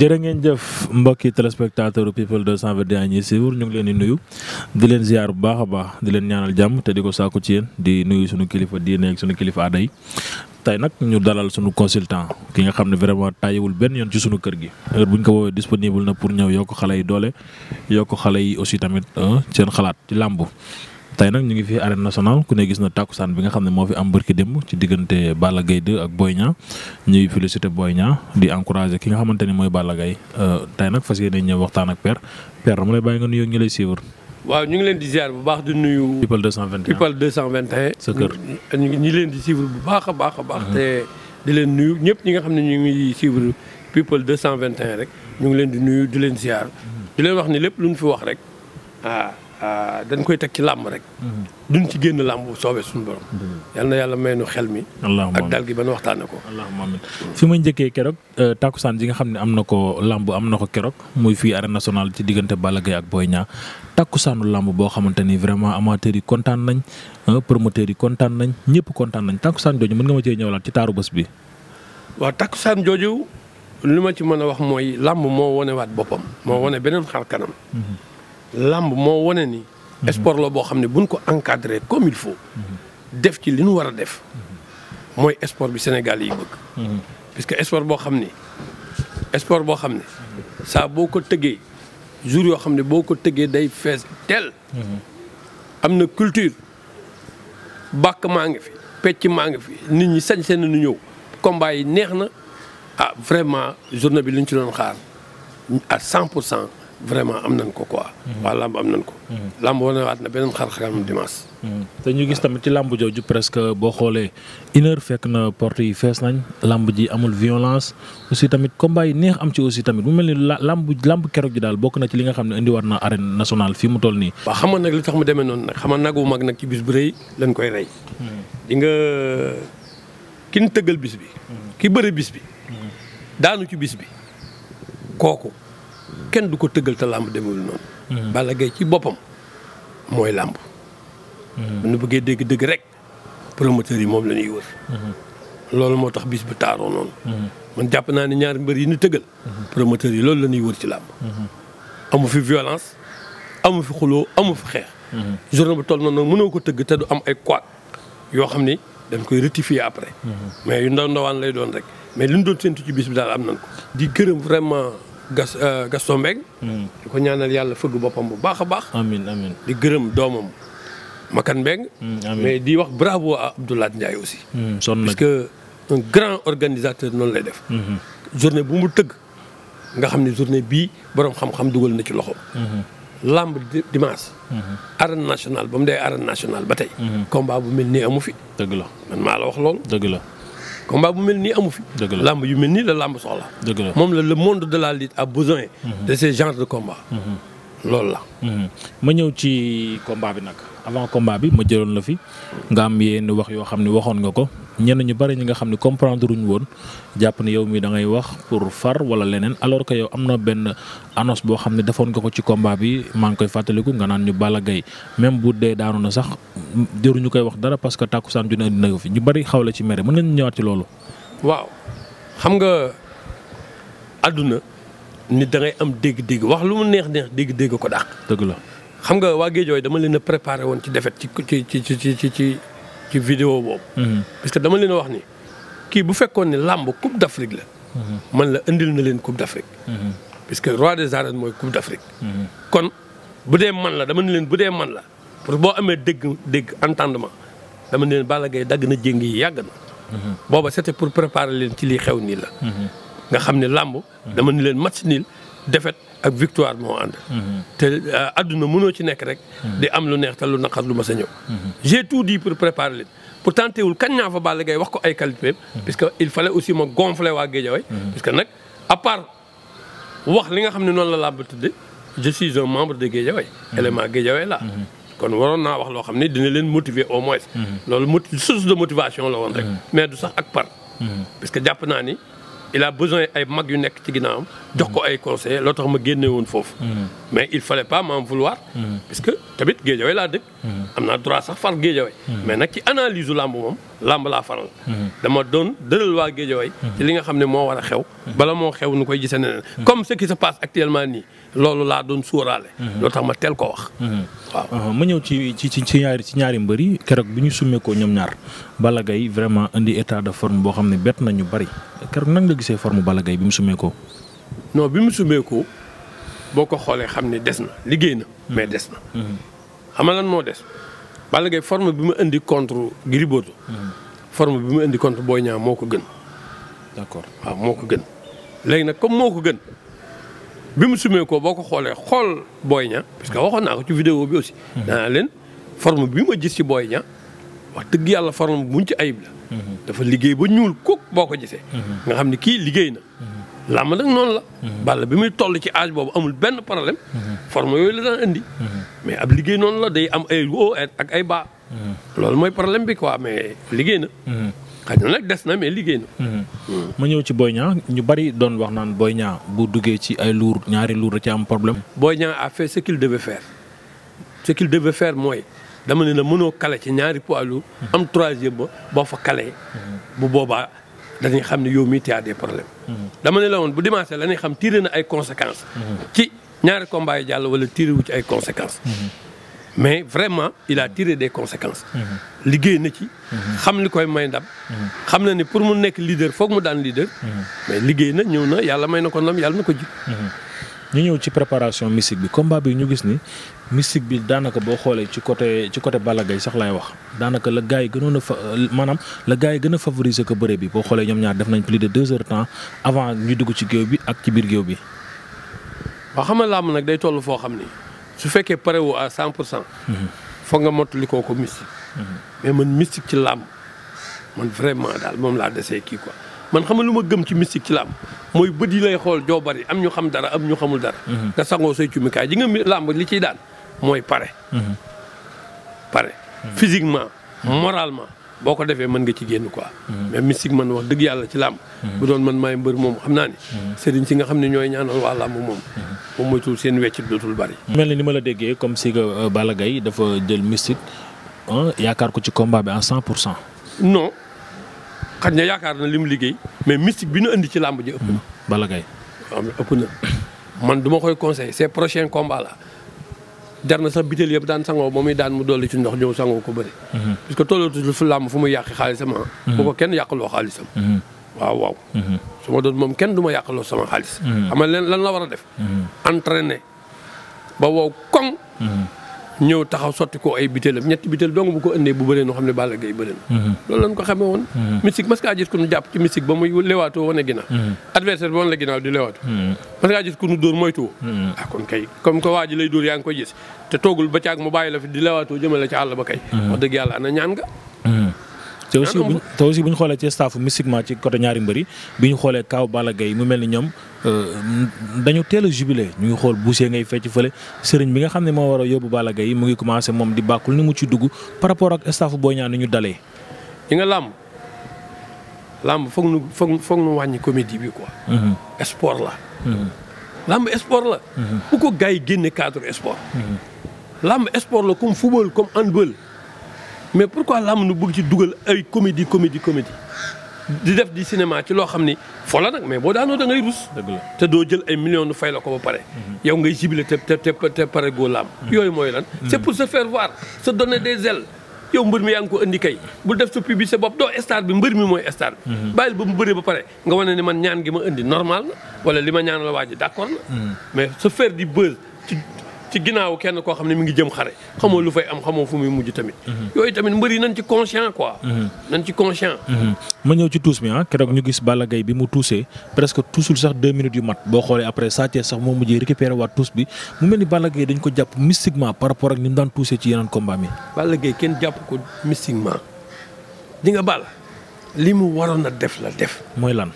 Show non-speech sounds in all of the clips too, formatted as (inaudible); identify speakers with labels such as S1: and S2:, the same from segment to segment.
S1: jërë ngeen jëf mbokki téléspectateur people 221 ñi siiwur ñu ngi leen di nuyu di leen ziar bu baax a baax di leen ñaanal jàmm te di ko sàkku ci yéen di nuyu suñu kilifa diine ak suñu kilifa aada yi tey nag ñu dalal suñu consultant ki nga xam ne vraiment tàyyiwul benn yoon ci suñu kër gi heure bu ñu ko woowee disponible na pour ñëw yokk xale yi doole yokk xale yi aussi tamit seen xalaat ci làmb tey nag ñu ngi fi arène nationale ku ne gis na tàkkusaan bi nga xam ne moo fi am barki démb ci diggante Balla Gaye 2 ak Boy Niang ñuy féliciter Boy Niang di encourager ki nga xamante ni mooy Balla gay euh, tey nag fas yéene ñëw waxtaan ak père père dama lay bàyyi nga nuyoo ñu lay suivre.
S2: waaw ñu ngi leen di ziar bu baax di nuyu. People 221 People 221. sa kër leen di suivre bu baax a baax a baax. Mm-hmm. te di leen nuyu ñëpp ñi nga xam ne ñu ngi suivre People 221 rek ñu ngi leen di nuyu di leen ziar. Mm-hmm. di leen wax ni lépp lu ñu fi wax rek waaw ah, Euh, dañ koy teg ci làmb rek. Mhm. duñ ci génn làmb bu soobee suñu borom. Mhm. yal na yàlla may nu xel mi. ak dal gi ba nu waxtaanee ko. allahumma amiin
S1: fi ma njëkkee keroog euh, takkusaan ji nga xam ne am na ko làmb am na ko keroog mooy fii arène nationale ci diggante Balla Gaye ak Boy Niang takkusaanu làmb boo xamante ni vraiment amateurs yi kontaan nañ promoteurs yi kontaan nañ ñëpp kontaan nañ takkusaan jooju mën nga ma cee ñëwalaat ci taaru bés bi.
S2: waaw takkusaan jooju li ma ci mën a wax mooy làmb moo wonewaat boppam mhm. làmb moo wane ni. Mhm. sport la boo xam ne buñ ko encadré comme il faut. Mhm. def ci li ñu war a def. Mhm. mooy sport bi Sénégal yi bëgg. puisque sport boo xam ni sport boo xam ne saa boo ko tëggee jour yoo xam ne boo ko tëggee day fees tell am na culture bàkk maa ngi fi pecc maa ngi fi nit ñi sañ seen nu ñëw combat yi neex na ah vraiment journée bi li ñu ci doon xaar à cent vraiment am nañ ko quoi. Mhm. waa làmb am nañ ko. Mhm. làmb wane waat na beneen xar xaram dimanche. Mhm. te ñu gis tamit ci làmb jooju presque boo xoolee
S1: une fekk na porte yi fees nañ làmb ji amul violence aussi tamit combat yi neex am ci aussi tamit mu mel ni làmb làmb keroog ji daal bokk na ci li nga xam ne indiwaat na arène nationale fii mu
S2: toll nii. waaw xam nga nag li tax mu demee noonu nag xam nga nag wu mag nag ci bis bu rëy lañ koy rey. di nga kin tëggal bis bi. ki bëre bi. daanu ci bi kenn du ko tëggal te làmb demewul noonu. Mhm. Balla ci boppam mooy làmb. Mhm. bu ñu bëggee dégg dëgg rek promoteurs yi moom la ñuy wër. Mhm. loolu moo tax bis bu taaroo noonu. man jàpp naa ne ñaari mbër yi ñu tëggal. promoteurs yi loolu la ñuy wër ci làmb. amu fi violence amu fi xuloo amu fi xeex. journée bu toll noonu nag mënoo ko tëgg te du am ay quoi yoo xam ni dañ koy rectifier après. mais yu ndaw ndawaan lay doon rek mais li ñu doon séntu ci bis bi daal am nañ ko. gas euh, Gaston Mbengue hmm. di ko ñaanal yàlla fëgg boppam bu baax a baax. di gërëm doomam Makan Mbengue hmm, mais di wax bravo à Abdoulaye Ndiaye aussi.
S1: Hmm, sonn parce
S2: que un grand organisateur noonu lay def. journée bu mu tëgg nga xam ni journée bi borom xam-xam dugal na ci loxo. lamb dimanche. arène nationale ba mu dee arène nationale ba tey. combat bu mel nii amu fi. dëgg la man maa la wax loolu. combat bu mel nii amu fi. dëgg la yu mel nii la làmb soxla. dëgg la moom la le monde de la lutte a besoin. de mhm. ce genre de combat.
S1: Mhm. loolu la. Mhm. ma ñëw ci combat bi nag avant combat bi ma jëloon la fi nga am yenn wax yoo xam ne waxoon nga ko ñenn ñu bari ñi nga xam ne comprendre uñ woon jàpp ne yow mi da ngay wax pour far wala leneen alors que yow am na benn annonce boo xam ne defoon nga ko ci komba bi maa ngi koy fàttaliku nga naan ñu Balla Gaye même bu dee daanu na sax jëruñu koy wax dara parce que tàkkusaan ju ne dina ko fi ñu bari xaw la ci mere mën nga ñu ñëwaat ci loolu.
S2: waaw xam nga àdduna nit da am dégg-dégg wax lu mu neex neex dégg-dégg ko dàq. dëgg la xam nga waa Géejawaay dama leen a woon ci defet ci ci ci ci. ci vidéo boobu. Mhm. parce que dama leen wax ni kii bu fekkoon ne làmb coupe d' la. Mhm. man la indil na leen coupe d' afrique. Mhm. parce que roi de arènes mooy coupe d' kon bu dee man la dama ne leen bu dee man la pour boo amee dégg dégg entendement dama ne leen Balla Gaye dagg na jéng yi yàgg na. booba c' était pour préparer leen ci lii xew nii la. nga xam ne làmb dama ne leen match nil défaite ak victoire moo ànd. te euh, àdduna mënoo ci nekk rek. di am lu neex te lu naqar lu ma sa ñëw. j'ai tout dit pour préparer leen pourtant teewul kañ naa fa Balla Gaye wax ko ay qualité parce que il fallait aussi ma gonfler waa Guédiawaye. parce que nag à part wax li nga xam ne noonu la làmb tudde je suis un membre de Guédiawaye. élément Guédiawaye laa. kon waroon naa wax loo xam ne dina leen motiver au moins. loolu moti source de motivation la woon rek. mais du sax ak par. parce que jàpp naa ni il a besoin ay mag yu nekk ci ginnaawam. jox ko ay conseillers loo tax ma génne woon foofu. Hmm. mais il fallait pas m'en vouloir. Hmm. parce que tamit géejawaay laa dëkk. Hmm. am naa droit sax far géejawaay. mais nag ci analyse u làmb moom làmb laa faral. dama doon dëral waa géejawaay. ci li nga xam ne moo war a xew. bala moo xew nu koy gisee neneen. comme ce qui se passe actuellement nii loolu laa doon sóoraale. loo tax ma teel ko wax.
S1: waaw uh-huh. ma ñëw ci ci ci ñaari ci ñaari mbër yi keroog bi ñu summee ko ñoom ñaar Balla Gaye vraiment indi état de forme boo xam ne bett nañu bari keroog nan gisee forme Balla Gaye bi mu summee ko
S2: non bi mu sumeekoo boo ko xoolee xam ne des na liggéey na mais des na. xam lan moo des Balla Gaye forme bi mu indi contre Gris form bi mu indi contre Boy Niang moo ko gën. d'accord waaw moo ko gën léegi nag comme moo ko gën bi mu sumee ko boo ko xoolee xool booy Niang parce que waxoon naa ko ci vidéo bi aussi. danaa leen forme bi ma gis ci booy Niang wax dëgg yàlla forme buñ ci ayib la. Mhm. dafa liggéey ba ñuul kuk boo ko gisee. Mhm. nga xam ne kii liggéey na. Mhm. làmb nag noonu la. Balla bi muy toll ci âge boobu amul benn problème. forme yooyu la daan indi. mais ab liggéey noonu la day am ay woo ak ay baa. loolu mooy problème bi quoi mais liggéey na. xaj na nag des na mais liggéey
S1: na. ma ñëw ci booy Niang ñu bari doon wax naan Boy Niang bu duggee ci ay luur ñaari luur da ci am problème.
S2: booy Niang a fait ce qu'il devait faire ce qu'il faire mooy dama ne la mënoo kale ci ñaari poids lourd am troisième ba boo fa kalee bu boobaa. danañ xam ne yow mii tu as des problèmes. Mm-hmm. dama ne la woon bu dimanche danañ xam tiré na ay conséquences. Mm-hmm. ci ñaari combat yi jàll wala tiré wu ci ay conséquences. Mm-hmm. mais vraiment il a tiré des conséquences. liggéey na ci. xam ni koy may ndam. xam na ni pour mu nekk leader foog mu daan leader. mais liggéey na ñëw na yàlla may na ko ndam yàlla na ko ji.
S1: ñu ñëw ci préparation mystique bi combat bi ñu gis ni mystique bi daanaka boo xoolee ci côté ci côté Balla Gaye sax laay wax daanaka la gars yi gënoon a fa maanaam la gars yi gën a favoriser ko bëre bi boo xoolee ñoom ñaar def nañ plus de deux heures temps avant ñu dugg ci géew bi ak ci biir géew bi.
S2: waaw xam nga làmb nag day toll foo xam ni su fekkee pare à cent pour mhm. nga mottali koo ko mystique. Mhm. mais man mistik ci làmb man vraiment daal moom laa desee kii quoi. man xam nga lu ma gëm ci mystique ci làmb mooy bët yi lay xool joo bari am ñu xam dara am ñu xamul dara. Mhm. nga sangoo say cumikaay di nga làmb li ciy daan mooy pare. Mhm. pare mhm. physiquement moralement boo ko defee mën nga ci génn quoi. mais mystique man wax dëgg yàlla ci làmb. bu doon man maay mbër moom xam naa ni. sëriñ si nga xam ne ñooy ñaanal waa làmb moom. moom moytuwul seen weccit dootul bari. mel ni ni ma la déggee comme si que
S1: euh, Balla Gaye dafa jël mystique
S2: yaakaar ko ci combat
S1: bi en cent pour cent.
S2: xaj na yaakaar na li mu liggéey mais mystique bi ñu indi ci làmb ji ëpp na. Mm-hmm. Balla Gaye ëpp na man du ma koy conseil ces prochains combats là jar na sax bitéel yëpp daan sangoo ba muy daan mu dolli ci ndox ñëw sangoo ko bëri. Mm-hmm. parce que tollootu fu làmb fu muy yàq xaalisam ah. Mm-hmm. bu ko kenn yàqaloo xaalisam. waaw waaw. su ma doon moom kenn du ma yàqaloo sama xaalis. xam nga la war a def. entraîner ba wow koŋ. ñëw taxaw sotti ko ay bitéelam ñetti bitéel dong bu ko indee bu bëree noo xam ne Balla Gaye bëreen
S3: mhm. loolu lañ
S2: ko xamee woon mhm. mystique mas ku nu jàpp ci mystique ba muy lewaatoo wane ginnaaw mhm. adversaire bi wane la ginnaaw di lewaatu mas ku nu dóor moytuwoo ah kon kay comme que waa lay dóor yaa ngi koy gis te toogul ba caag mu bàyyi la fi di lewaatoo jëmale ci àll ba kay wax dëgg yàlla ana ñaan nga
S1: te aussi bu ñu xoolee ci staff mystiquement ci côté ñaari mbëri bi ñu xoolee kaaw Balla mel ni ñoom dañu teel a jubilé ñu ngi xool Boucher ngay fecc fële sëriñ bi nga xam ne moo war a yóbbu Balla Gaye yi mu ngi commencé moom di bàkkul ni mu ci dugg par rapport ak staff Boy Niang ni ñu dalee. ñi nga làmb
S2: làmb foog nu foog foog nu wàññi comédie bi quoi. Mhm. sport la. Mhm. làmb sport la. bu mhm. ko gars yi génne cadre sport. làmb sport la comme football comme handball mais pourquoi làmb nu bëgg ci dugal ay comédie comédie comédie. di def di cinéma ci loo xam ni fo la nag mais boo daanoo da ngay rus. te doo jël ay millions nu fay la ko ba pare. Mhm. yow ngay jibile te te te pare goo laam. Mhm. yooyu mooy lan. Mhm. c'est pour se faire voir se donner des ailes. yow mbër mi yaa ngi ko indi kay bul def sa publicité bopp doo star bi mbër mi mooy star bi bàyyil ba mu bëree ba pare nga wane ni man ñaan gi ma indi normal na wala li ma ñaan la waa ji d'accord na mais se faire di buzz ci ginnaaw kenn koo xam ne mi ngi jëm xare xamoo lu fay am xamoo fu muy mujj tamit. Mhm. yooyu tamit mbëri nañ ci conscient quoi. Mhm. nañ ci conscient.
S1: Mhm. ma ñëw ci tuus mi ah keroog ñu gis Balla Gaye bi mu tuusee presque tuusul sax deux minutes yu mat boo xoolee après Sa Thiès sax moo mujjee récupéré waat tuus bi mu mel ni Balla Gaye dañ ko jàpp mystiquement par rapport
S2: ak ni mu daan tuusee ci yeneen combat mi. Balla Gaye kenn jàpp ko mystiquement di nga Balla li mu waroon a def la def. mooy lan.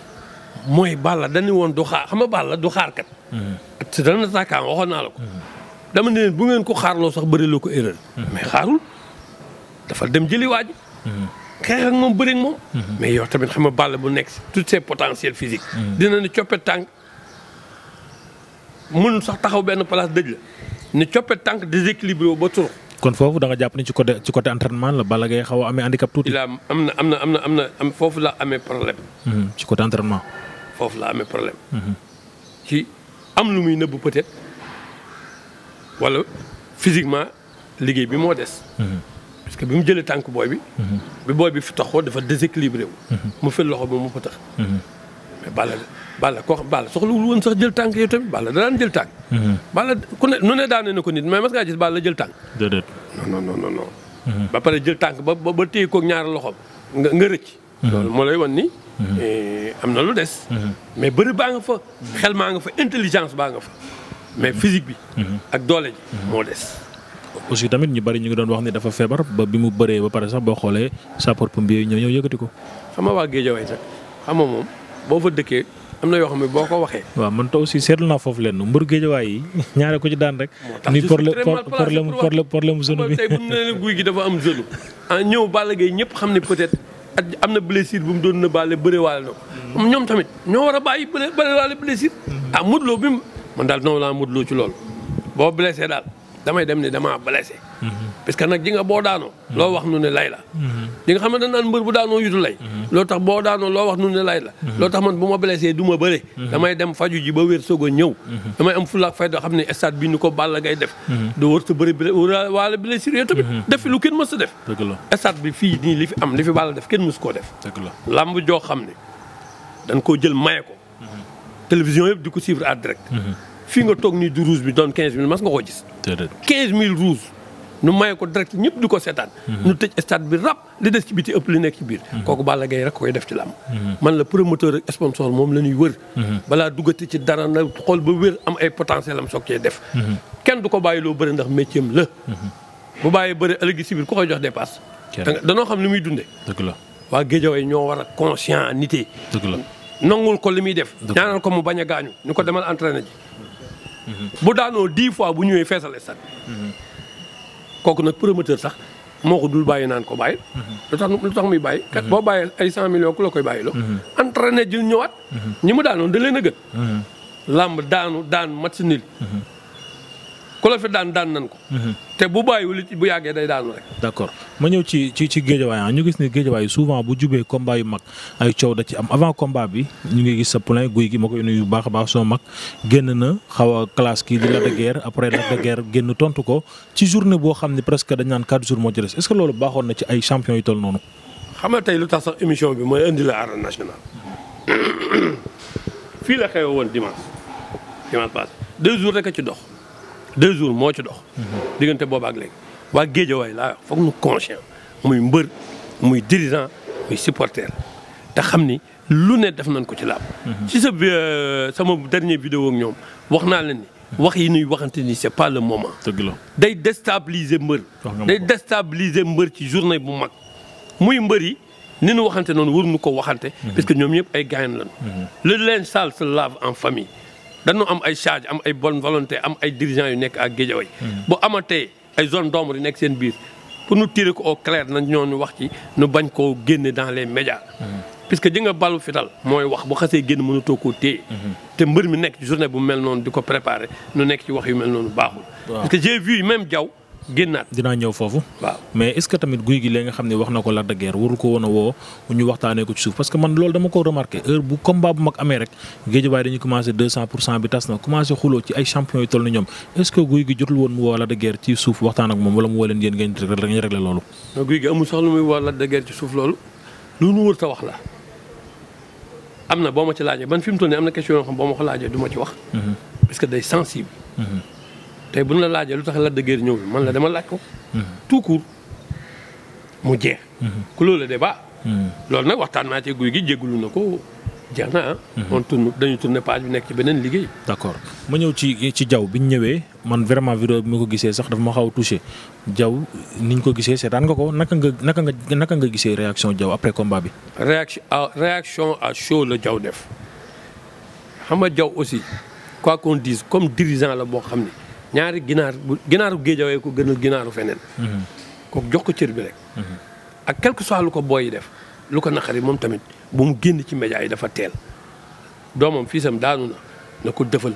S2: mooy Balla dañu woon du xaar xam nga Balla du xaarkat. te dana tàkkaan naa la dama ne leen bu ngeen ko xaarloo sax bëri la ko erreur. Mhm. mais xaarul dafa dem jëli waa ji. Mhm. moom bëri ak moom. Mhm. mais yow tamit xam nga Balla bu nekk si tous ses potentiels physiques. dina coppet tànk mënul sax taxaw benn place dëj la ne coppet tànk déséquilibré wu ba turu.
S1: kon foofu da jàpp ni ci côté ci côté entraînement la Balla Gaye xaw a amee handicap tuuti. il am
S2: na am na am na am na am foofu la amee problème.
S1: ci côté entraînement.
S2: foofu la amee problème. ci am lu muy nëbbu peut wala physiquement liggéey bi moo des. Mhm. parce que bi mu jëlee tànk booy bi. Mhm. bi booy bi fi taxoo dafa déséquilibré mhm. mu fël loxo bi mu fa tax. mais Balla Balla koo xam Balla soxlawul woon sax jël tànk yow tamit Balla daan jël tànk. Balla ku ne nu ne daane ne ko nit mais mas ngaa gis Balla jël tànk. déedéet non non non ba pare jël tànk ba ba téye koog ñaari loxo nga nga rëcc. moo lay wan nii eh, am na lu des. mais bëri baa nga fa xel maa nga fa intelligence baa nga fa. mais physique bi. Mhm. ak doole ji mhm. moo des.
S1: aussi tamit ñu bari ñu ngi doon wax ni dafa feebar ba bi mu bëree ba pare sax boo xoolee sapeur pompier ñoo ñëw yëkkati ko. xam nga
S2: waa Géejawaay sax xam moom boo fa dëkkee am na yoo xam ne boo ko waxee.
S1: waaw man taw aussi seetlu naa foofu lenn mbër Géejawaay yi (laughs) ñaare ko ci daan rek. ni problème problème problème problème zone bi. tey bu
S2: ñu nee guy gi dafa am zone ah mu doon baale bëriwaale na mm. ñoom tamit ñoo war a bàyyi bëriwaale blessure. Mm. ah Modou Lo bi man daal noonu laa mudloo ci loolu boo blessé daal damay dem ne damaa blessé. parce que nag ji nga boo daanoo. loo wax nu ne lay la. di nga xam ne dañ naan mbër bu daanoo yutu lay. loo tax boo daanoo loo wax nu ne lay la. loo tax man bu ma blessé du ma bëre. damay dem faju ji ba wér soog a ñëw. damay am fay fayda xam ne stade bi ni ko Balla gay def. du wër sa bëri bi waala blessure yooyu tamit. def fi lu kenn mës sa def. dëgg la bi fii nii li fi am li fi Balla def kenn mës koo def. dëgg la làmb joo xam ne dañ koo jël maye ko. télévision yëpp di ko suivre à direct. Mhm. fii nga toog nii du rouge bi doon mas nga koo gis. 15000 rouge. nu maye ko direct ñëpp di ko seetaan. nu mhm. tëj stade bi rap li des ci biti ëpp li nekk ci biir. Mhm. kooku Balla Gaye rek koy def ci làmb. man la promoteur ak sponsor moom la ñuy wër. balaa duggati ci dara na xool ba wér am ay potentiel am soog cee def. kenn du ko bàyyi loo bëri ndax métier am la. bu bàyyi bëri ëllëg si biir ku koy jox dépasse. danoo xam li muy dundee. dëgg la waa ñoo war a conscient nité. la. nangul ko li muy def. ñaanal ko mu bañ a gaañu ñu ko demal entraîné ji. bu daanoo dix fois bu ñëwee feesal stade kooku nag promoteur sax moo ko dul bàyyi naan ko bàyyi. lu tax lu tax muy bàyyi. kat boo bàyyee ay cent millions la koy bàyyiloo. entraîné ji ñëwaat. ñi mu daanoon da leen a gën. Mmh. làmb daanu daan match nul. Mmh. ku la fi daan daan nan ko. Mhm. te bu bàyyiwul bu yàggee day daanu rek.
S1: d'accord ma ñëw ci ci ci géejawaay ah. ñu gis ne géejawaay souvent bu jubee combat yu mag ay coow da ci am avant combat bi ñu ngi gis sa plein guy gi ma koy nuyu bu baax a baax soo mag génn na xaw a classe kii di Lac de Guiers après Lac de génn tontu ko ci journée boo xam ne presque dañ naan 4 jour moo ci des est-ce que loolu baaxoon na ci ay champion yu toll noonu.
S2: xam nga tey lu tax sax émission bi mooy indi la arène nationale (coughs) fii la xew woon rek a ci dox. deux jours moo ci dox. diggante boobu ak léegi waa Géejawaay laa wax foog nu conscient muy mbër muy dirigeant muy supporter te xam ni lu ne def nañ ko ci làmb. ci sa euh, sama dernier vidéo ak ñoom wax naa leen ni. wax yi nuy waxante ni c'est pas le moment. dëgg la day déstabiliser mbër. day destabiliser mbër ci journée bu mag. muy mbër yi ni nu waxante noonu waruñu ko waxante. Mm-hmm. parce que ñoom ñëpp ay gaañ lañu. Mm-hmm. le leen sale se lave en famille. dañu am ay charge am ay bonne volonté am ay dirigeants yu nekk ak Guédiawaye hmm. bu ama tey ay zone d'ombre yu nekk seen biir pour nu tirer ko au clair na ñooñu wax ci nu bañ koo génne dans les médias hmm. puisque ji nga balu fital mooy wax bu xasee génn mënatoo ko téye hmm. te mbër mi nekk ci journée bu mel noonu di ko préparer nu nekk ci wax yu mel noonu baaxul parce que j'ai vu même Diaw
S1: génnaat dinaa ñëw foofu. waaw mais est ce que tamit guy gi lee nga xam ne wax na ko Lac de Guiers ko woon a woo ñu waxtaanee ko ci suuf parce que man loolu dama ko remarqué heure bu combat bu mag amee rek géejawaay dañuy commencé bi tas na commencé xuloo ci ay champion yu toll ni ñoom est guy gi jotul woon mu woo Lac de ci suuf waxtaan ak moom wala mu woo leen yéen ngeen ngeen réglé loolu.
S2: guy gi amul sax lu muy woo Lac de ci suuf loolu lu la am na mu toll nii am tey bu ñu la laajee lu tax la de ñëw ñëwul man la dama laaj ko. tout court mu jeex. ku loolu la débat. loolu nag waxtaan naa ci guy gi jégalu na ko jeex na am ah. on tourne dañu tourner page bi nekk ci beneen liggéey. d' accord
S1: ma ñëw ci ci jaww bi ñu ñëwee man vraiment vidéo bi mu ko gisee sax dafa ma xaw a touché jaww ni ko gisee seetaan nga ko naka nga naka nga naka nga gisee réaction jaww après combat bi.
S2: réaction ah, réaction à chaud la jaww def xam nga jaww aussi quoi qu'on dise comme dirigeant la boo xam ne. ñaari ginaar bu ginaaru géejawee ko gënal ginaaru feneen. Mhm. kooku jox ko cër bi rek. Mhm. ak quelque soit lu ko booy def lu ko naqari moom tamit bu mu génn ci média yi dafa teel. doomam fii sam daanu na na ko dëfal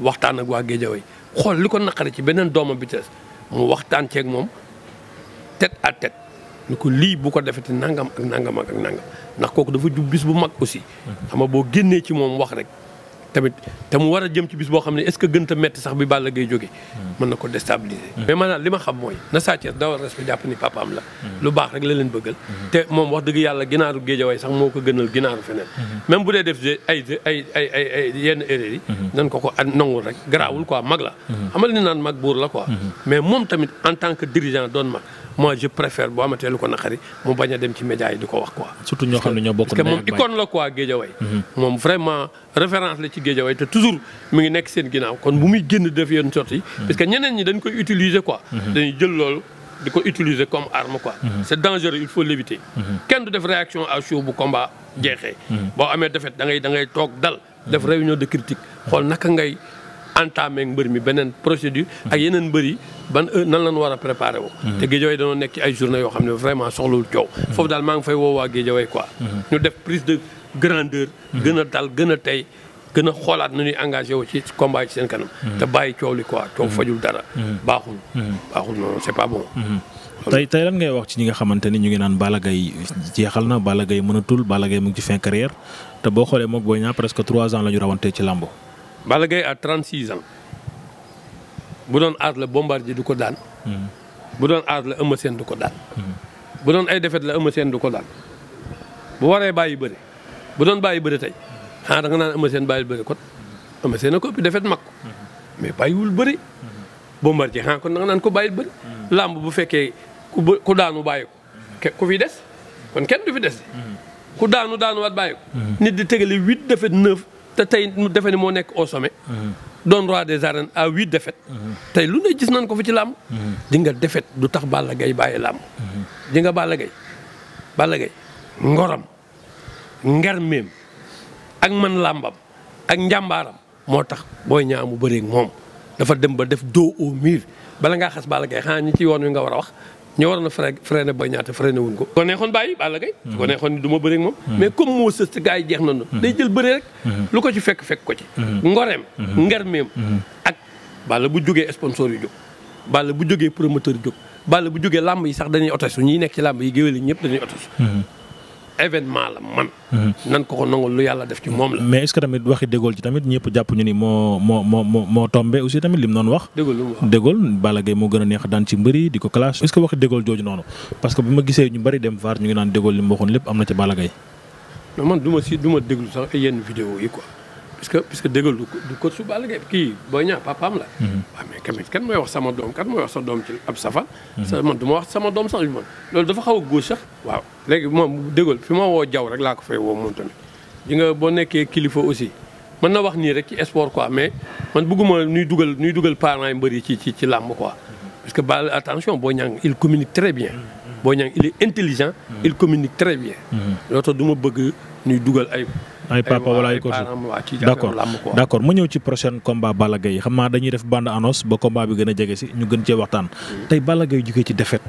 S2: waxtaan ak waa géejawee xool li ko naqari ci beneen doomam bi tees mu waxtaan ceeg moom tête à tête ni ko lii bu ko defee defeti nangam ak nangam ak nangam ndax kooku dafa jub bis bu mag aussi. Mhm. xam nga boo génnee ci moom wax rek. tamit te mu war a jëm ci bis boo xam ne est-ce que gën metti sax bi Balla gay jóge hmm. mën na ko déstabiliser. Hmm. mais maanaam li ma xam mooy na Sa Thiès dawal respect jàpp ni papaam la. Hmm. lu baax rek la leen bëggal. te moom wax dëgg yàlla ginaaru géej géejawaay sax moo ko gënal ginaaru feneen. même bu dee def ay ay ay ay yenn erreur yi. nan ko ko nangul rek garaawul quoi mag la. xamal ni naan mag buur la ko quoi. mais moom tamit en tant que dirigeant doon mag. mois je préfère boo amatee lu ko naqari mu bañ a dem ci média yi di ko wax quoi.
S1: surtout ñoo xam ne ñoo bokk parce que moom icône
S2: la quoi Guédiawaye. Mhm. moom vraiment référence la ci Guédiawaye te toujours mi ngi nekk seen ginnaaw kon bu muy génn def yenn sorties. Mhm. parce que ñeneen ñi dañ koy utiliser quoi. Mhm. dañuy jël loolu. di ko utiliser comme arme quoi. c'est dangereux il faut l'éviter. kenn du def réaction à chaud bu combat jeexee. boo amee defet da ngay da ngay toog dal. def réunion de critique xool naka ngay. entamé mbër mi beneen procédure. ak yeneen mbër yi ban nan lañ war a préparé woo. Mhm. te géejawaay danoo nekk ci ay journée yoo xam ne vraiment soxlawul coow. Mhm. foofu daal maa ngi fay woo waa géejawaay quoi. Mhm. ñu def prise de grandeur. gën a dal gën a tey. gën a xoolaat nu ñu engagé wu ci combat yi ci seen kanam. te bàyyi coow li quoi coow fajul dara. baaxul. baaxul non c'est pas bon.
S1: tey tey lan ngay wax ci ñi nga xamante ni ñu ngi naan Balla Gaye jeexal na Balla Gaye mënatul boo xoolee moom booy ñaa presque trois ans la ci làmbo
S2: Balla Gaye à 36 ans bu doon aas la Bombardier du ko daan. Hmm. bu doon aas hmm. la Eumeu Sène du ko daan. bu doon ay defet la Eumeu Sène ko daan bu waree bàyyi bëri bu doon bàyyi bëri tey xanaa da nga naan Eumeu Sène bàyyi bëri kon Eumeu Sène a ko ëpp defet mag ko hmm. mais bàyyiwul bëri. Bombardier xanaa kon da nga naan ko bàyyi bëri. làmb bu fekkee ku ba ku daanu bàyyi ko ku fi des kon kenn du fi des. ku daanu daanuwaat bàyyi ko. nit di tegale huit defet neuf. te tey mu defe ni moo nekk au sommet. Mm-hmm. doon roi des arènes à huit défaites. Mm-hmm. tey lu ne gis nañ ko fi ci làmb. Mm-hmm. di defet du tax Balla Gaye bàyyi làmb. di nga Balla Gaye Balla ngoram ngarmeem ak man làmbam ak njàmbaaram moo tax booy ñaamu bëreeg moom dafa dem ba def dos au mur bala ngaa xas Balla Gaye xanaa ñi ci yoon wi nga war a wax ñu waroon a freiné Boy Niang te freiné wuñ ko. ko neexoon bàyyi Balla Gaye. ko hmm. neexoon du ma bëri ak moom. Hmm. mais comme moo sës te gars yi jeex nañu. Hmm. day jël bëri rek. lu ko ci fekk fekk ko ci. ngoreem. ngarmeem. ak Balla bu jógee sponsor yu jóg. Balla bu jógee promoteur yu jóg. Balla bu jógee làmb yi sax dañuy otosu ñiy nekk ci làmb yi géwél yi ñëpp dañuy otosu. événement la man. nan ko ko nangul lu yàlla def ci moom la.
S1: mais est ce que tamit waxi dégool ci tamit ñëpp jàpp ñu ni moo moo moo moo tombé aussi tamit lim noonu wax. dégool lu wax dégool Balla moo gën a neex daan ci mbëri di ko clash. est ce que waxi dégool jooju noonu parce que bi ma gisee ñu bari dem vaar ñu ngi naan dégool li mu lépp am na ci Balla
S2: man du ma si du ma sax yenn vidéo yi quoi. puisque que déggal du du coach su Balla Gaye kii Boy Niang papaam la. Mhm. waaw mais quand kan mooy wax sama doom kan mooy wax sa doom ci ab safar. Mhm. sa man du ma wax sama doom sax loolu dafa xaw a góos sax. waaw léegi moom déggal fi ma woo jaw rek laa ko fay woo moom tamit di nga boo nekkee kilifa aussi mën na wax nii rek ci sport quoi mais man bëgguma nuy dugal nuy dugal parents yi mbër yi ci ci ci làmb quoi. Mhm. parce que Balla attention boo Niang il communique très bien. boo Niang il est intelligent. Mm-hmm. il communique très bien. Mm-hmm. loolu tax du ma bëgg ñuy dugal ay. ay papa wala ay coach d'accord
S1: d'accord ma ñëw ci prochaine combat Balla Gaye xam naa dañuy def bande annonce ba combat bi gën a jege si ñu gën cee waxtaan. Mm-hmm. tey Balla Gaye jugee ci defet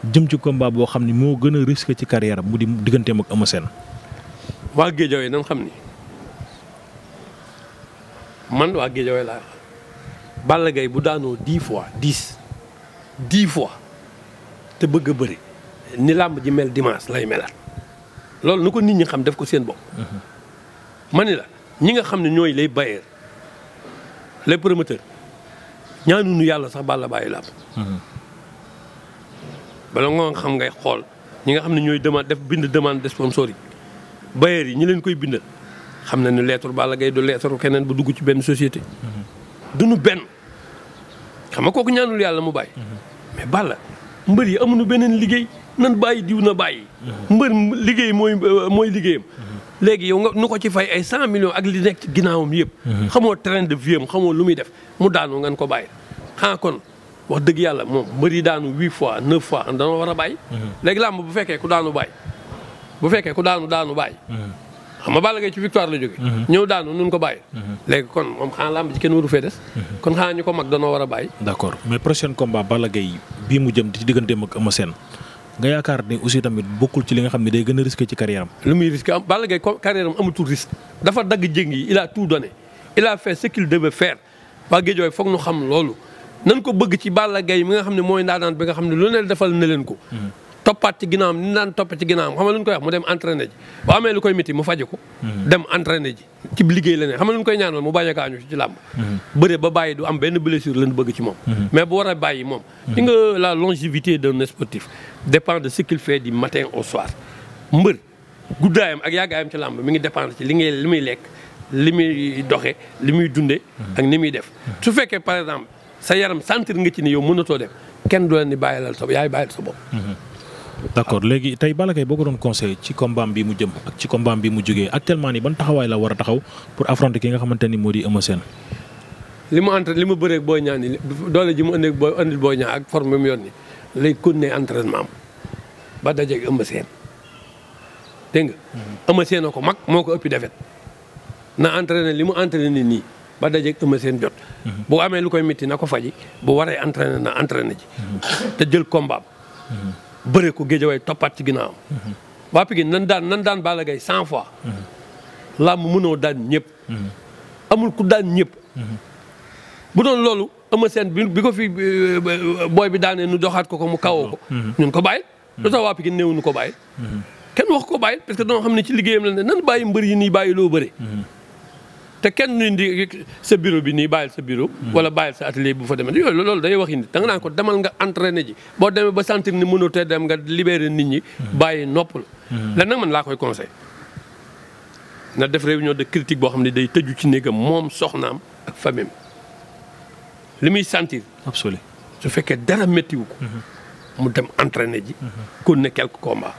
S1: jëm ci combat boo xam ni moo gën a risque ci carrière mu di digganteem ak Eumeu
S2: Sène. waa Guédiawaye nañ xam ni man waa Guédiawaye laa Balla bu daanoo dix fois dix dix fois te bëgg a bëri. ni làmb ji mel dimanche lay melaat loolu nu ko nit ñi xam def ko seen bopp. Mhm. ma ni la ñi nga xam ne ñooy les bailleurs les promoteurs ñaanuñu yàlla sax Balla bàyyi làmb. Mhm. bala nga xam ngay xool ñi nga xam ne ñooy demande def bind demande de sponsor yi bailleurs yi ñu leen koy bindal xam na ne leetaru Balla gay du leetaru keneen bu dugg ci benn du mhm. duñu benn xam nga kooku ñaanul yàlla mu bàyyi. mais Balla mbër yi amuñu beneen liggéey nan bàyyi diw na bàyyi. mbër liggéey mooy euh, mooy liggéeyam. léegi yow nga nu ko ci fay ay cent millions ak li nekk ginnaawam yëpp. xamoo train de vie am xamoo lu muy def mu daanu ngeen ko bàyyi. xanaa kon wax dëgg yàlla moom mbër yi daanu huit fois neuf fois dana war a bàyyi. léegi làmb bu fekkee ku daanu bàyyi bu fekkee ku daanu daanu bàyyi. xam nga Balla Gaye ci victoire la jóge mhm. ñëw daanu nun ko bàyyi. Mhm. léegi kon moom xanaa làmb ji kenn waru fee des. Mhm. kon xanaa ñu ko mag danoo war a bàyyi.
S1: d' accord mais prochain combat Balla Gaye bii mu jëm ci digganteem ak Eumeu Sène nga yaakaar ni aussi tamit bokkul ci li nga xam ne day gën a risqué ci carrière
S2: am. muy risqué am Balla Gaye carrière am amatul dagg jéng yi il a tout donné il a fait ce qu'il devait faire waa Guédiawaye foog ñu xam loolu nan ko bëgg ci Balla Gaye mi nga xam ne mooy ndaanaan bi nga xam ne lu ne defal na leen ko. toppaat ci ginnaawam ni daan topp ci ginnaawam xam nga lu ñu koy wax mu dem entraîné ji boo amee lu koy miti mu faje ko hmm. dem entraîné ji ci liggéey la ne xam nga lu ñu koy ñaanal mu bañ a ci làmb hmm. bëre ba bàyyi du am benn blessure lañ bëgg ci moom hmm. mais bu war a bàyyi moom ci nga la longévité d'un sportif dépend de ce qu'il fait du matin au soir mbër guddaayam ak yàggaayam ci làmb mi ngi dépendre ci li ngay li muy lekk li muy doxe li muy dunde ak ni muy def su fekkee par exemple sa yaram sentir nga ci ni yow mënatoo def kenn du la ni bàyyilal sa yaay bàyyil sa bopp
S1: d'accord léegi tey Balla Gaye boo ko doon conseil ci combat bi mu jëm ak ci combat bi mu jógee actuellement nii ban taxawaay la war a taxaw pour affronter ki nga xamante ni moo di Eumeu Sène
S2: li mu entraîné li mu bëreeg booy ñaan ni doole ji mu indi booy indil booy ñaan ak forme bi mu yónni lay continuer ba dajeeg Eumeu Sène dégg mhm. ko mag moo ko ëppi defet na entraîné li mu entraîné nii ba dajeeg Eumeu seen jot. Mhm. boo amee lu koy métti na ko faji bu waree entraîné na entraîné ji. Mhm. te jël combat bëre ko géejawaay toppaat ci ginnaawam. Mhm. waa Pikine nan daan nan daan Balla Gaye cent fois. Mhm. làmb mënoo daan ñëpp. Mhm. amul ku daan ñëpp. bu doon loolu ama seen bi ko fi booy bi daanee nu joxaat ko ko mu kawoo ko. ñun ko bàyyi. lu tax waa Pikine néew nu ko bàyyi. kenn wax ko bàyyi parce que dañoo xam ne ci liggéeyam la ne nan bàyyi mbër yi nii bàyyi loo bëri. te kenn nuy di sa bureau bi nii bàyyil sa bureau. Hmm. wala bàyyil sa atelier bu fa demee yooyu loolu day wax indi da nga ko demal nga entraîné ji boo demee ba sentir ni mënutee dem nga libéré nit ñi. Hmm. bàyyi noppal. lan hmm. nag man laa koy conseil na def réunion de critique boo xam ne day tëju ci néegam moom soxnaam ak famille li muy sentir. absolument su fekkee dara méttiwu ko. mu dem entraîné ji. kon ne quelques combats.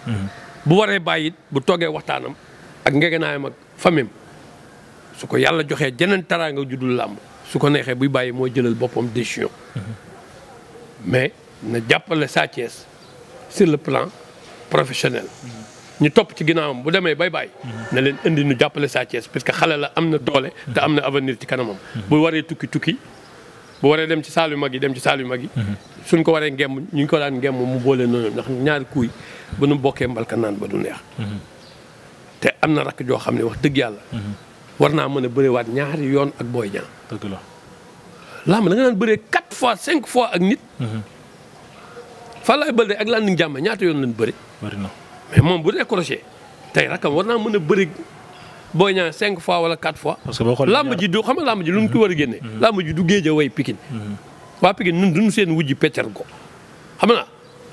S2: bu waree bàyyi bu toogee waxtaanam ak ngegenaayam ak famille su ko yàlla joxee jeneen taraanga dul làmb su ko neexee buy bàyyi moo jëlal boppam décision mais na jàppale Sa Thiès sur le plan professionnel ñu topp ci ginnaawam bu demee bay bàyyi na leen indi ñu jàppale Sa parce que xale la am na doole te am na avenir ci kanamam bu waree tukki tukki bu waree dem ci saal yu mag yi dem ci saal yu mag yi suñ ko waree ngemm ñu ngi ko daan ngemm mu boole noonu ndax ñaari kuy bu nu bokkee mbalka naan ba du neex mhm. na rakk joo xam ne wax dëgg yàlla mhm. war naa mën a waat ñaari yoon ak booy Niang. la. làmb da nga naan bëree quatre fois cinq fois ak nit. Mhm. Falaye Baldé ak Landing Jàmme ñaata yoon lañ bëri. bëri na moom bu décroché tey rakam war naa mën a bëri Boy Niang cinq fois wala quatre fois. parce que boo làmb ji du xam nga làmb ji lu mu ci war a génne. Mhm. làmb ji du géej a way Pikine. Mhm. waa Pikine ñun duñu seen wujji peccar ko xam nga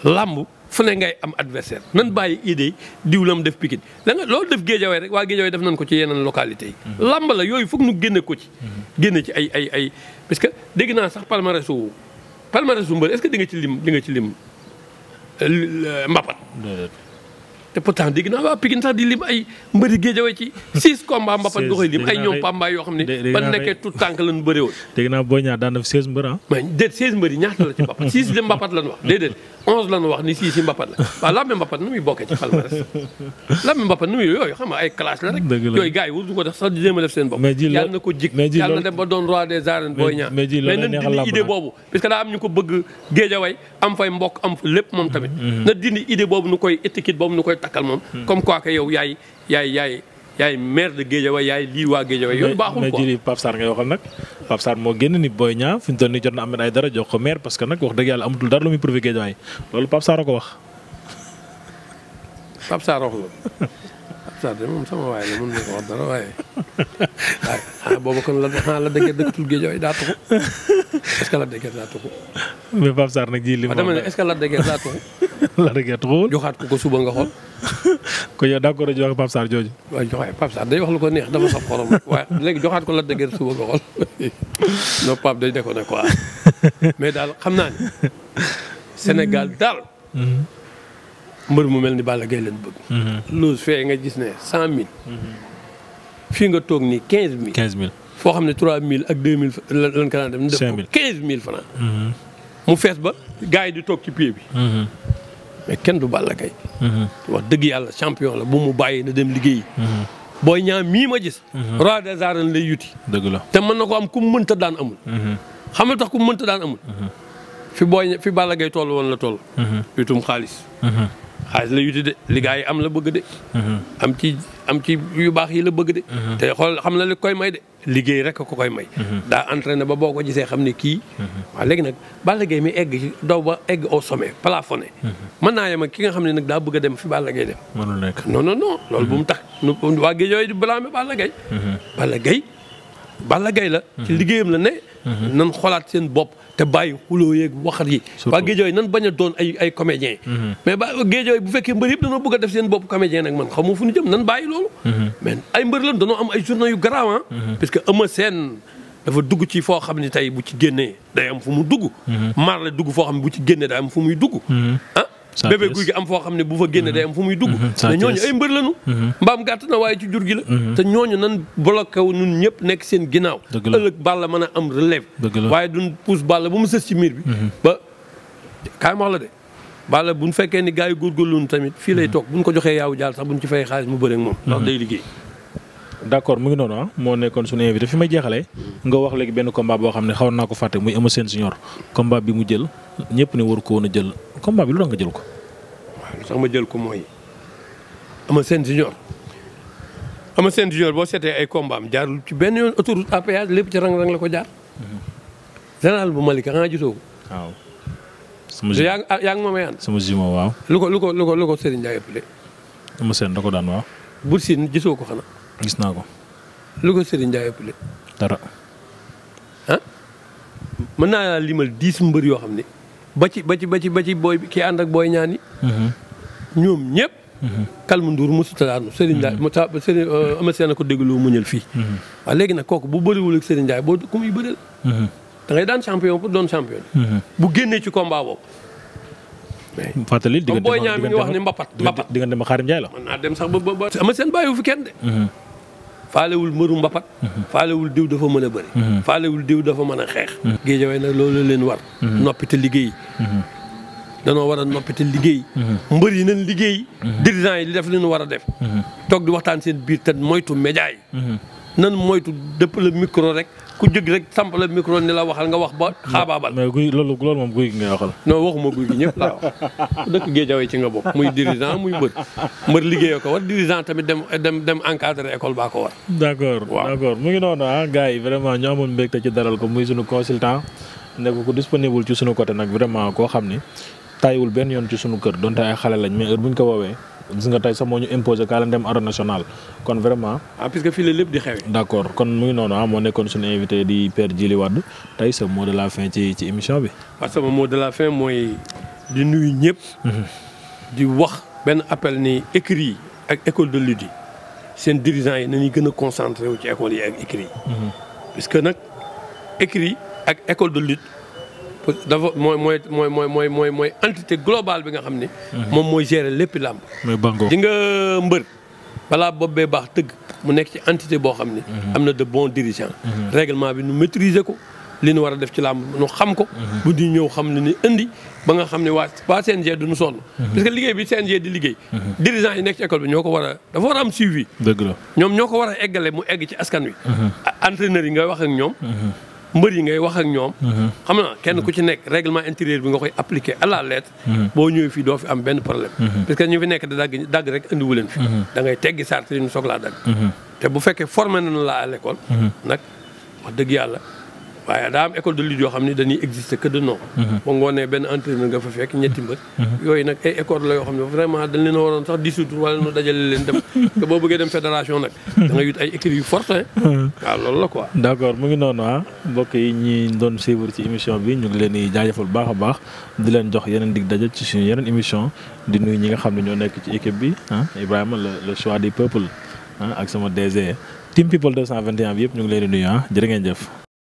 S2: làmb fu ne ngay am adversaire nan bàyyi idée diw la mu def Pikine da nga loolu def Géejawaay rek waa Géejawaay def nañ ko ci yeneen localité yi. Mhm. làmb la yooyu foog nu génne ko ci. Mhm. génne ci ay ay ay parce que dégg naa sax palmarèsu palmarèsu mbër est-ce que di nga ci lim di nga ci lim euh, mbapat te pourtant dégg naa waa ay mbëri géejawe ci (laughs) six combats mbapat nga koy lim ay ñoom pambaay yoo xam ne ba nekkee tout tànk lan bëri woon (laughs) dégg naa boo
S1: ñaar daan fi seize mbër ah
S2: mais lan wax déedéet onze lan wax ni six yi mbapat la waaw lambe mbapat nu muy bokkee ci palmarès lambe mbapat nu muy yooyu xam nga ay classe la rek yooyu gars yi wutu ko def sax di jéem a def seen bopp yàlla na ko jik yàlla na dem ba doon roi des arènes booy ñaar mais takkal moom. Hmm. comme quoi que yow yaay yaay yaay yaay maire de Guédiawaye yaay lii waa Guédiawaye yow baaxul quoi mais jërëjëf
S1: Pape Sarr ngay waxal nag Pape Sarr moo génn ni Boy Niang fi ñu doon ni jot na Ahmed Aïdara jox ko maire parce nag
S2: wax a (laughs) de moom sama waay la mën na ko wax dara waaye (laughs) ah, ah kon la xanaa la dëgg daa tuxu est-ce daa tuxu. mais Pape nag ji li mu wax daa tuxu. (laughs) joxaat ko ko suba nga xool. ko yow d'accord la jox Pape Sarr jooju. waaw joxaay day wax lu ko neex dafa saf xorom waaye léegi joxaat ko la dëgër suba nga xool (laughs) non Pape day nekkoon ne quoi (laughs) mais daal xam naa ne Sénégal daal. Mm-hmm. mbër mu mel ni Balla Gaye leen bëgg. Mm-hmm. loose fee nga gis ne cent mille. Mm-hmm. fii nga toog nii quinze mille. quinze mille foo xam ne trois mille ak deux mille lan lan ka daan dem. cinq def ko quinze mille francs mu fees ba gars di toog ci pied bi. mais kenn du Balla Gaye mhm. wax dëgg yàlla champion la bu mu bàyyi na dem liggéeyi. Mhm. booy ñaam mii ma gis. Mhm. roi de arènes lay yuti. la te man na ko am ku mu mënta daan amul. xam nga tax ku mu mënta daan amul. fi booy fi Balla Gaye toll woon la toll. yutum xaalis. xaalis la yuti de li am la bëgg de. am ci am ci yu baax yi la bëgg de. te xool xam na li koy may de. liggéey rek ko koy may. daa entraîné ba boo ko gisee xam ne kii. waaw léegi nag Balla Gaye mi egg ci daw ba egg au sommet plafonné. mën naa yem ki nga xam ne nag daa bëgg a dem fi Balla Gaye dem.
S1: mënul nekk non
S2: non non loolu bu mu tax nu waa géej yooyu di mhm. Balla Gaye. Balla Gaye la. ci liggéeyam la ne. Mhm. nan xolaat seen bopp. te bàyyi xuloo yeeg waxat yi waa géejooy nan bañ a doon ay ay comédien mhm. mais ba géejooy bu fekkee mbër yëpp dañoo bëgg def seen bopp comédien nag man xamoo fu ñu jëm nan bàyyi loolu mhm. mais ay mbër lan dañoo am ay journée yu garaaw ah. mhm. parce que Eumeu seen dafa dugg ci foo xam ne tey bu ci génnee day am fu mu dugg maar la dugg foo xam ne bu ci génnee day am fu muy dugg ah. bébé guy gi am foo xam ne bu fa génne day am fu muy dugg mhm. mais ñooñu ay mbër lañu mhm. mbaam gàtt na waaye ci jur gi la mhm. te ñooñu nan bloqué wu ñun ñëpp nekk seen ginnaaw ëllëg Balla mën a am relève waaye duñ pousse Balla bu mu sës ci miir bi ba kaay ma wax la de Balla bu ñu fekkee ni gars yi góorgóorlu tamit fii lay toog bu ñu ko joxee yaaw jaal sax bu ñu ci fay xaalis mu bëre moom ndax day liggéey
S1: d'accord mu ngi noonu ah moo nekkoon suñu invité fi may jeexalee nga wax léegi benn combat boo xam ne xawoon naa ko fàtte muy Eumeu Sène Junior combat bi mu jël ñëpp ne waru ko woon a
S2: combat bi lu tax jël ko. waaw lu tax ma jël ko mooy Eumeu Sène junior Eumeu Sène junior boo seetee ay combat am jaarul ci benn yoon autoroute à péage lépp ci rang-rang la ko jaar. Mhm. général bu Malika xanaa ah, gisoo ko. waaw. lu ko lu ko lu ko lu ko ëpp de.
S1: Eumeu Sène da ko daan waaw.
S2: Bour Sine gisoo ko xanaa. gis naa ko. lu ko Serigne Ndiaye ëpp de. dara. ah mën naa limal dix mbër yoo xam ne. ba ci ba ci ba ci ba ci booy kii ànd ak booy ñaani mhm. ñoom ñëpp mhm. kalmu nduur mosut a daanu Serigne Ndiaye mhm. euh, mu taa Serigne Amasya na ko dégloo muñal fii. waaw léegi nag kooku bu bëriwul ak Serigne Ndiaye boo ku muy bëreel. da ngay daan champion pour doon champion. bu génnee ci combat boobu.
S1: fàttali diggante ma diggante ma
S2: Mbapat Mbapat diggante ma Xaarim Ndiaye la. mën naa dem sax ba ba Amasya bàyyiwu fi kenn de. faalewul mbëru mbapat mhm. faalewul diw dafa mën a bëri mhm. faalewul diw dafa mën a xeex mhm. géejawaay nag loolu leen war noppi te liggéey danoo war a noppi liggéey mbër yi nañ liggéey dirigeant yi li def leen war a def toog di waxtaan seen biir te moytu média yi nan moytu dëpp la micro rek ku jóg rek samp la micro ni la waxal nga wax ba xaabaabal. mais guy loolu loolu moom guy gi ngay waxal. non waxuma guy gi ñëpp laa wax dëkk Géejawaay ci nga bopp muy dirigeant muy mbër mbër ko war dirigeant tamit dem dem dem école baa ko war.
S1: d' accord mu ngi noonu ah gars yi vraiment ñu amoon mbégte ci dalal ko muy suñu consultant nekk ko disponible ci suñu côté nag vraiment koo xam ni tàyyiwul benn yoon ci sunu kër donte ay xale lañ mais bu ñu ko woowee. gis nga tey sax moo ñu imposé kaa dem arène nationale kon vraiment. ah puisque lépp di xew. d' accord kon mu ngi noonu ah nekkoon suñu invité di Père Djily Wade tey sa mot de la fin ci émission bi.
S2: waaw sama mot de la fin mooy di nuyu ñëpp. Mhm. di wax benn appel ni écrit yi ak école de lutte yi seen dirigeants yi nañuy gën a concentré wu ci école yi ak écrit yi. Mhm. puisque nag écrit ak école de lutte. dafa mooy mooy mooy mooy mooy mooy mooy entité globale bi nga xam ne. Mhm. moom mooy gérer léppi làmb. di nga mbër balaa bopp bee baax tëgg mu nekk ci entité boo xam ne. Mhm. am na de bons dirigeants. Mhm. règlement bi nu maîtriser ko li nu war a def ci làmb nu xam ko. bu di ñëw xam ne ni indi ba nga xam ne waa waa CNG du nu sonn. parce que liggéey bi CNG di liggéey. dirigeants yi nekk ci école bi ñoo ko war a dafa war am suivi. dëgg la ñoom ñoo ko war a eggale mu egg ci askan wi. entraîneurs yi ngay wax ak mbër yi ngay wax ak ñoom. Mhm. xam na kenn ku ci nekk règlement intérieur bi nga koy appliqué à la mhm. boo ñëwee fi doo fi am benn problème. Mhm. parce que ñu fi nekk da dagg dagg rek andiwu leen fi. da ngay teggi sart yi ñu soog laa dagg. te bu fekkee formé nañu laa à l'école. nag wax dëgg yàlla. waaye daa am école de lutte yoo xam ne dañuy exister que de nom. Mhm. ba ngoonee benn entraîneur nga fa fekk ñetti mbër. Mhm. yooyu nag ay école la yoo xam ne vraiment dañ leen a waroon sax dissoudre wala ñu dajale leen dem. (laughs) te boo bëggee dem fédération nag. da nga yut ay écrits yu forte mhm. waaw loolu la ko
S1: d' accord mu ngi noonu ah mbokk yi ñi doon suivre ci émission bi ñu ngi leen di jaajëfal baax a baax di leen jox yeneen dig daje ci suñu yeneen émission di ñi nga xam ne ñoo nekk ci équipe bi ah Ibrahima ah, ak sama DG Team People 221 bi yëpp ñu ngi leen di nuyu ah. ngeen jëf.